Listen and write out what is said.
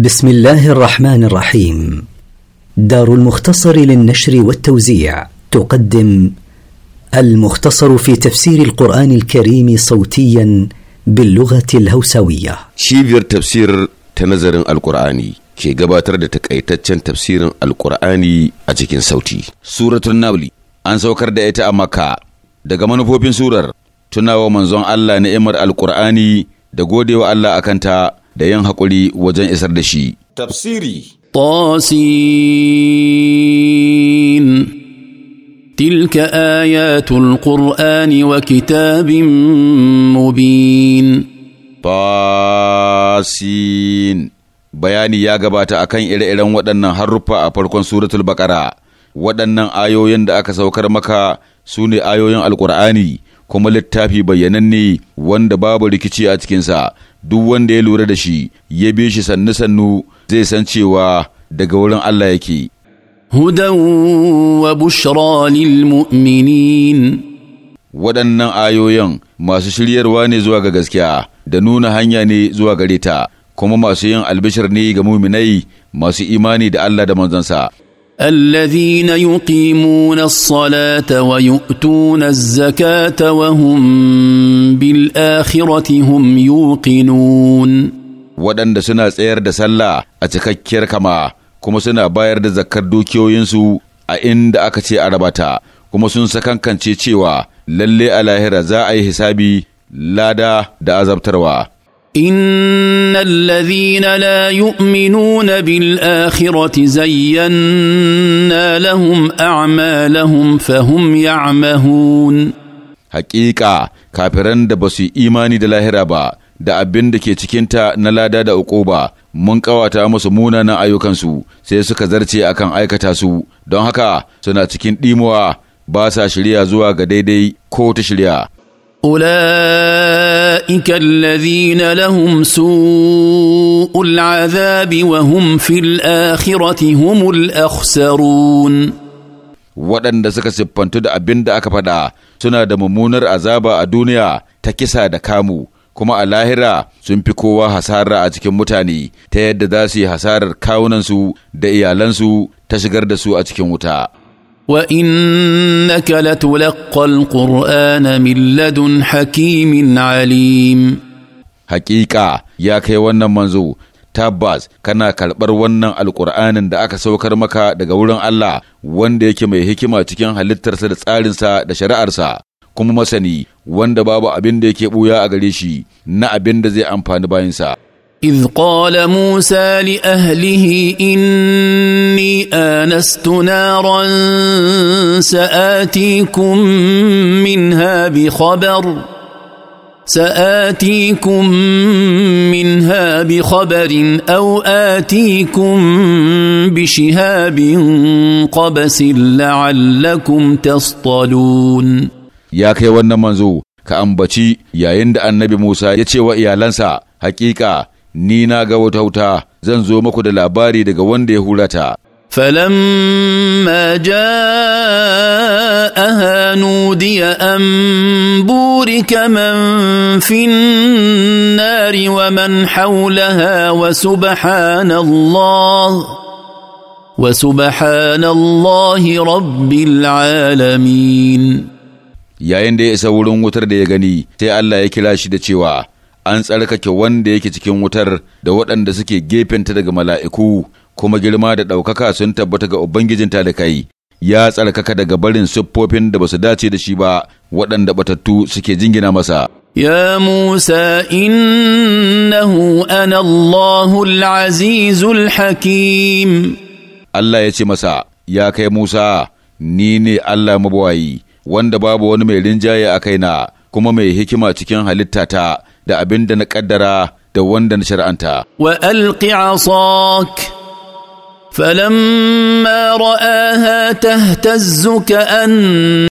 بسم الله الرحمن الرحيم دار المختصر للنشر والتوزيع تقدم المختصر في تفسير القرآن الكريم صوتيا باللغة الهوسوية شيفير تفسير تنظر القرآن كي قباتر تفسير القرآن أتكين صوتي سورة النابلي أنسو كرد إيتا أمكا دقا منفو بين سورة تناو منزون الله نعمر القرآن دقودي الله أكنتا da yin haƙuri wajen isar da shi. Tafsiri tilka ayatul Kur'ani wa kitabin mubin طاسين bayani ya gabata akan ire-iren waɗannan haruffa a farkon suratul baƙara waɗannan ayoyin da aka saukar maka su ne ayoyin alƙur'ani kuma littafi bayyananne wanda babu rikici a cikinsa duk wanda ya lura da shi ya bi shi sannu sannu zai san cewa daga wurin Allah yake hudan wa bushra lil mu'minin waɗannan ayoyin masu shiryarwa ne zuwa ga gaskiya da nuna hanya ne zuwa gare ta kuma masu yin albishir ne ga muminai masu imani da Allah da manzansa الذين يقيمون الصلاه ويؤتون الزكاه وهم بالاخره هم يوقنون waɗanda suna tsayar da sallah a cikakkiyar kama kuma suna bayar da zakkar dukiyoyinsu a inda aka ce a rabata kuma sun sakankance cewa lalle a lahira za a yi hisabi lada da azabtarwa ان الذين لا يؤمنون بالاخره زينا لهم اعمالهم فهم يعمهون حقيقه كافرن da basu imani da lahira ba da abin da ke cikinta na lada da uquba mun ƙawata musu munanan ayyukansu sai suka zarce akan aikata su don haka suna cikin ɗimuwa ba sa shirya zuwa ga daidai ko ta shirya اولئك الذين لهم سوء العذاب وهم في الاخره هم الاخسرون waɗanda suka siffantu da abin da aka faɗa suna da mummunar azaba a duniya ta kisa da kamu kuma a lahira sun fi kowa hasara a cikin mutane ta yadda za su yi hasarar kawunansu da iyalansu ta shigar da su a cikin wuta. وانك لتلقى القران من لدن حكيم عليم حقيقه يا كي wannan manzo tabbas kana karɓar wannan alƙur'anin da aka saukar maka daga wurin Allah wanda yake mai hikima cikin halittarsa da tsarinsa da shari'arsa kuma masani wanda babu abin da yake ɓuya a gare shi na abin da zai amfani bayansa. إذ قال موسى لأهله إن اني انست نارا ساتيكم منها بخبر ساتيكم منها بخبر او اتيكم بشهاب قبس لعلكم تصطلون يا كي wannan manzo ka ambaci yayin da annabi Musa ya ce wa iyalansa hakika ni na ga wata wuta zan zo muku da labari daga wanda ya hurata فلما جاءها نودي ان بورك من في النار ومن حولها وسبحان الله وسبحان الله رب العالمين yayin da ya isa wurin wutar da ya gani sai Allah ya kira shi da cewa an tsarkake wanda yake cikin wutar da waɗanda suke gefenta daga mala'iku kuma girma da ɗaukaka sun tabbata ga Ubangijin talikai, ya tsarkaka daga barin siffofin da ba su dace da shi ba waɗanda batattu suke jingina masa. Ya Musa يا موسى إنه أنا hakim allah ya ce masa ya kai musa ni ne Allah مبواي wanda babu wani mai rinjaye a kaina kuma mai hikima cikin halitta ta da abin da na ƙaddara da wanda na shar'anta. Wa alƙi فلما راها تهتز كأن